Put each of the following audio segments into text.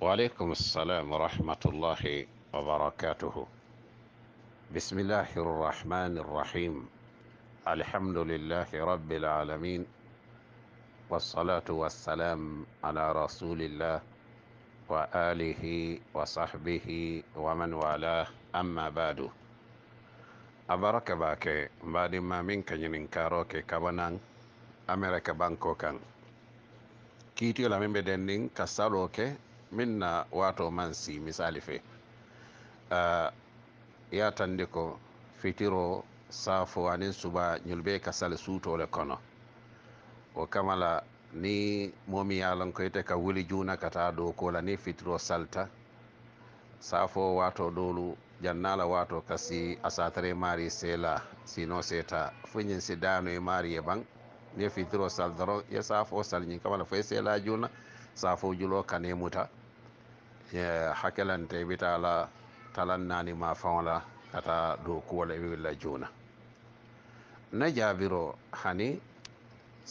وعليكم السلام ورحمة الله وبركاته بسم الله الرحمن الرحيم الحمد لله رب العالمين والصلاة والسلام على رسول الله وآله وصحبه ومن والاه أما بعد أبارك باك بعد ما منك كاروك كبنان أمريكا بانكو كيتي kiitiola بدنين ɓe min na wato man si misali fe uh, ah, yatandi ko fitiro safo anin suba nyulbe be ka sal suutole kono o kamala ni momi yalon ko ite ka wuli juna kata dow kola ni fitiro salta safo wato dolu jannala wato kasi asatare mari sela sino seta fuñin si e mari e ban ni fitiro sal ya ye safo sal kamala fe sela juna safo julo kane muta hakkelante ɓe tala talan ma fawla kata dow kuwala e juna na jaabiro hani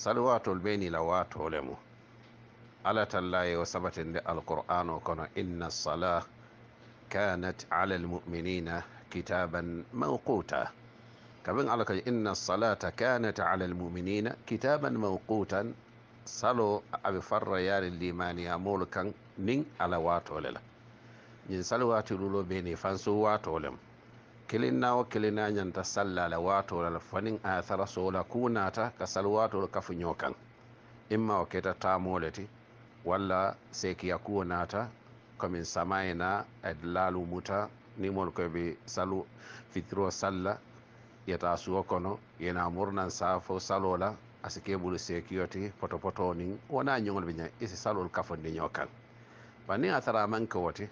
salwatol ɓenila watole mum ala tallaye o sabatinde alqur'an o inna salah kanat ala almuminina kitaban mawquta kaɓen ala kadi inna salata kanat ala almuminina kitaban mawqutan salo aɓe farra yaare limani ha molo kan min ala watole la min salo wati ɗulo ɓe ni fan so watolem kelinnawo kelina ñanta salla ala watolela fanin a tara sowola ku nata ka sal watolo kafu ño kan imma o keta tamole ti walla sekiya kuwo nata komin samayna ad lalu muta nimol koɓe salu fitiro salla yeta suwo kono yena murnan safo salola asike bulu security poto poto ni wona nyongol binya isi salol kafondi nyokal bani athara manke wote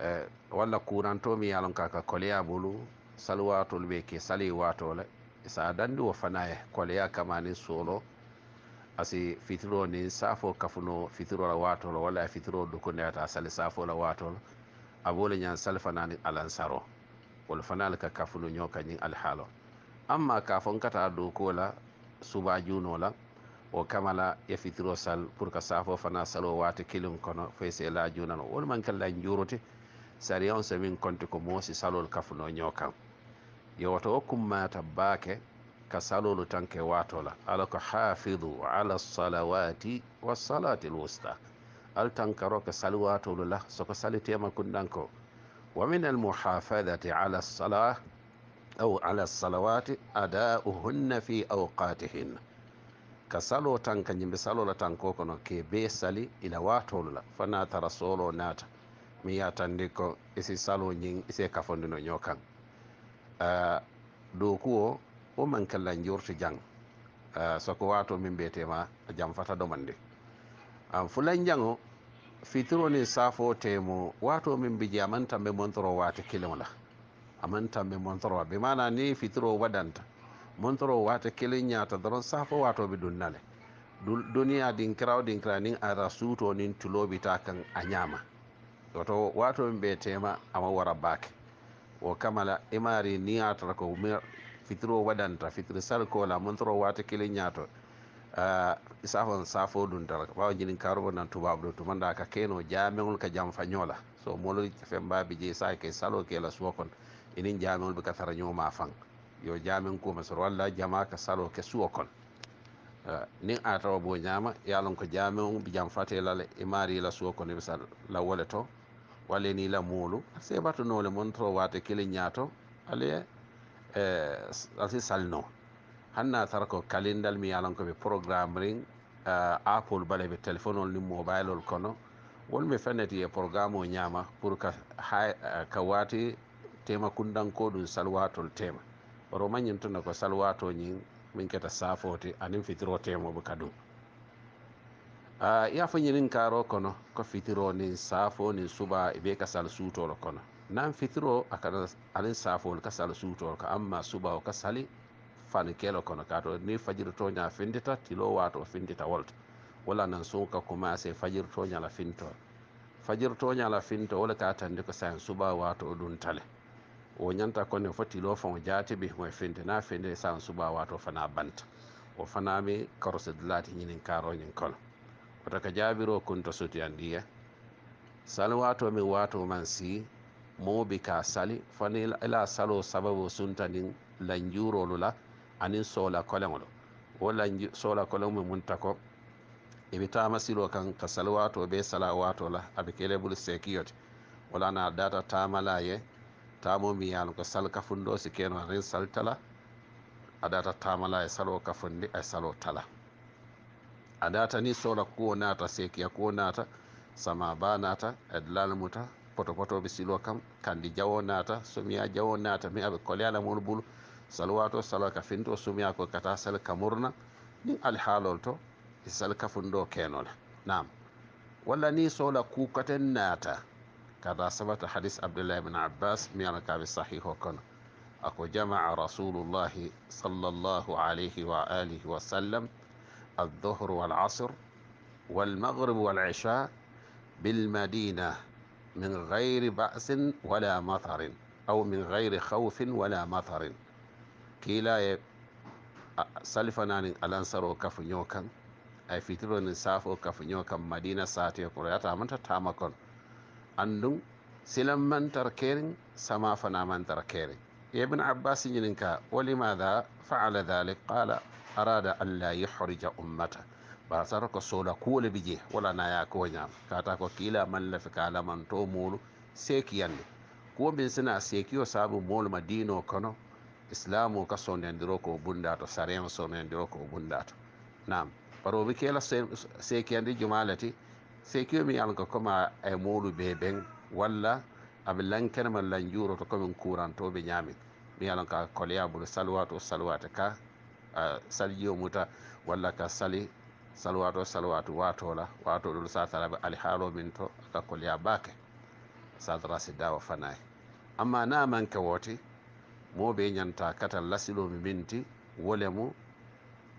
eh, walla kuranto mi yalon kaka koleya bulu salwatol be ke sali watole sa dandi wo fanaye koleya kamani solo asi fitro ni safo kafuno fitro la watolo walla fitiro dukunde ata sali safo la watolo abole ñan sali fanani alansaro wol fanal ka kafuno nyoka ñin alhalo amma kafon kata dokuwo la suba juuno la o kamala e fitiro sal pour que safo fana salo wata kilum kono fayse la juunano wol man kala juurote sari on so min konti ko moosi salol kafuno ñoo kam yewoto o kummata baake ka salolu tanke watola ala ko hafidu ala salawati wasalati lwusta al tankaro ka salwatolu la soko sali salitema kundanko wa min almuhafadati ala salah aw ala salawati adauhunna fi auqatihin ka salo tan ka yimɓe salola tan ko kono ke be sali ila watolula fa natara solo naata mi yaa tandi ko isi salo ñin isi kafondino ño kan dow kuwo wo man kella jurti jang soko wato min mbiyetema a jam fata domandi an fulan jango fitironi safo temo wato min mbi jeamantan ɓe montoro wate kilimola aman tambe montoro be mana ni fitiro wadanta montoro wata kelen ñaata doron safo watoɓe ɗum nane duniya din kiraw din kira nin ara suuto nin tulobita kan a ñama woto watoɓe ɓe tema ama wara baake o kamala imari ni atara ko fitiro waɗanta fitiri sarkola montoro wata kelen ñaato safon safo ɗum tara ɓawa jinin karuɓo nan tubaɓo ɗo tumanda ka keno jamegol ka jam fañola so molol fembaɓe je sa ke salo kela suwa kon enen jaamewol ɓe gasara ñooma fan yo jaamen kumasor walla jama ka salo ke suwo kon nin a tawa bo ñaama yalon ko jaame on bijam fatelal e maari la suwo kono ɓe sa lawole to walla ni la muulu sebatanole mon to wate kele ñaato alaye e asi salno hanna tara ko kalindal mi yalon koɓe programme rin apple bale ɓe téléphone ol ni mobile ol kono wonɓe fenneti e programme o ñaama pour ka ha ka waati tema kundanko ɗum salwatol tema baro mañin tunda ko salwato ñin min keta safote anin fitiro temoɓe kadum ah, ya fo ñinin karo kono ko fitiro nin safo nin suba ɓe ka sal suutolo kono nan fitiro akana anin safol ka sal suutolo ko amma suba o ka sali fani kelo kono kato ni fajiri toña findita tilo wato findita wolta wala nan sunka commencé fajiri toñala finto fajiri toñala finto wala ka tandi ko sahen suba wato ɗum tale o ñanta konne fotilo faŋo jaatibi moye fende na fende san suba waato fana banta o mi karose dulati ñinin karoñin kono oto ka jaabiro kunta sutiyandiye sali waato mi waato man si moo bi ka sali fani ila salo sababu suntanin lanjurolu la anin sola koleŋolu wo lanju sola koleŋ min mun tako i bi taama siloo kaŋ ka sali waato be sala waato la a be kele bulu seekiyo ti wala na data taama la ye tamo mi yano ko sal kafun ɗo si keno ren sal tala adata tamala e salo kafun de e salo tala adata ni sora kuwo nata sekiya kuwo nata sama ba nata edlalmuta poto potoɓe silo kam kandi jawo nata somiya jawo nata mi aɓe kole alamol bulu salwato salo ka finto somiya ko kata sal kamurna ni alhaalol to e sal kafun ɗo kenole nam walla ni sola kukaten nata كذا ثبت حديث عبد الله بن عباس ميانا كابي صحيح وكنا أكو جمع رسول الله صلى الله عليه وآله وسلم الظهر والعصر والمغرب والعشاء بالمدينة من غير بأس ولا مطر أو من غير خوف ولا مطر كلا سلفنا الأنصار وكفنيوكا أي في فيتلون سافو كفنيوكا مدينة ساتي وكرياتا من تتامكن andum silammantar keren samafanamantar keren ibn abbas ñininka walimada faala dalik qala arada an la yuhrija ummata bara sata ko sooda kuwole bi jee wala naya kowoñama kata ko kiila mallafe ka lamanto muulu seekiyande kuwo min sina seekiyo saabu moluma diino kono islamu ka sonendiro ko bundato sarema sonendiro ko bundato nam baro mi keela seekiyande jumalati seykio mi yalanka koma e mawlu ɓe ɓen walla aɓe lankenema lan juuroto komin courantoɓe ñamin mi yalanka koleyaboule salwat o salwata ka uh, salijio muta walla ka sali salwat o salwatu watola watoɗol sataraɓe alihaalomin to aka koleya bake sadrasi dawa fanay amma na manke woti moɓe ñanta kata lasilomi minti wolemo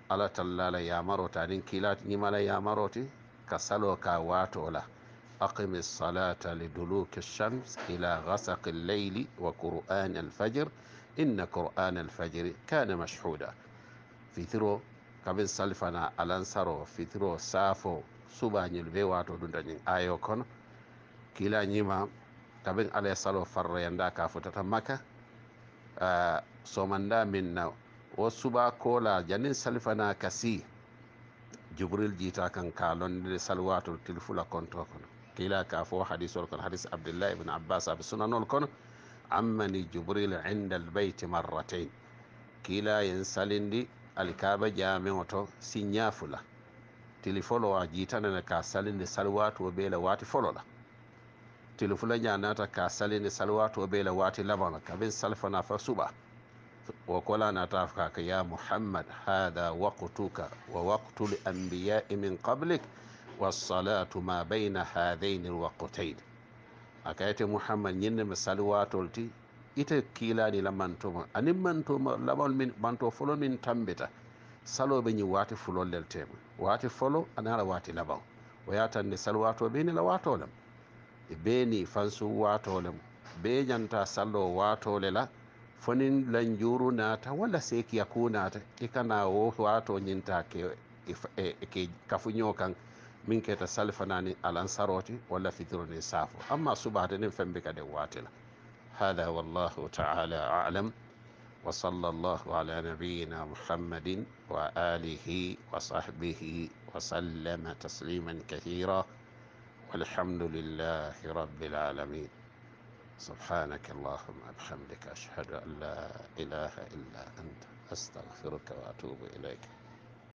ala tallala yamaro tanin kiilati ñimala yamaroti ka salo ka wato la aqimi salata liduluki shams ila ghasaqi llaili wa qur'ani alfajir inna qur'ana alfajiri kana mashhuda fitiro kamin salfana alansaro fitiro safo suɓañil be wato ɗum dañin ayo kono kilañima kamin alay salo yanda ka futata makka somanda minna na wo suɓa kola janin salfana kasi jibril jiita kan ka londe salwatul tilfula konto kono kila ka fo hadisol kono hadis abdullah ibne abbas aɓe sunanol kono ammani jibril inda albeyti marratain kila yen salindi alikaba jameo to siña fula tili a jitanene ka salinde salwatu o ɓeela wati folola la ñanata ka salinde salwatu o ɓeela wati labana kaɓen salfana fa suɓa وقلنا تافكاك يا محمد هذا وقتك ووقت الأنبياء من قبلك والصلاة ما بين هذين الوقتين أكايت محمد ين مسالواتولتي ite kiilani la mantoma anin mantoma laɓol min manto folo min tambita saloɓe ñi waati fulol lel tema waati folo anala waati laɓan o yatanni salwatoɓe ni la watolem e beeni fansu watolem be ñanta sallo watole la fonin lan juru nata walla sekiya ku nata i kana wo wato ñinta ke e, ke kafuño kan min keta salfanani alansaroti walla fitiro nin saafo amma subahate nin fembe kade watila hada wallahu taala alam وصلى الله على نبينا محمد وآله وصحبه وسلم تسليما كثيرا والحمد لله رب العالمين سبحانك اللهم بحمدك أشهد أن لا إله إلا أنت أستغفرك وأتوب إليك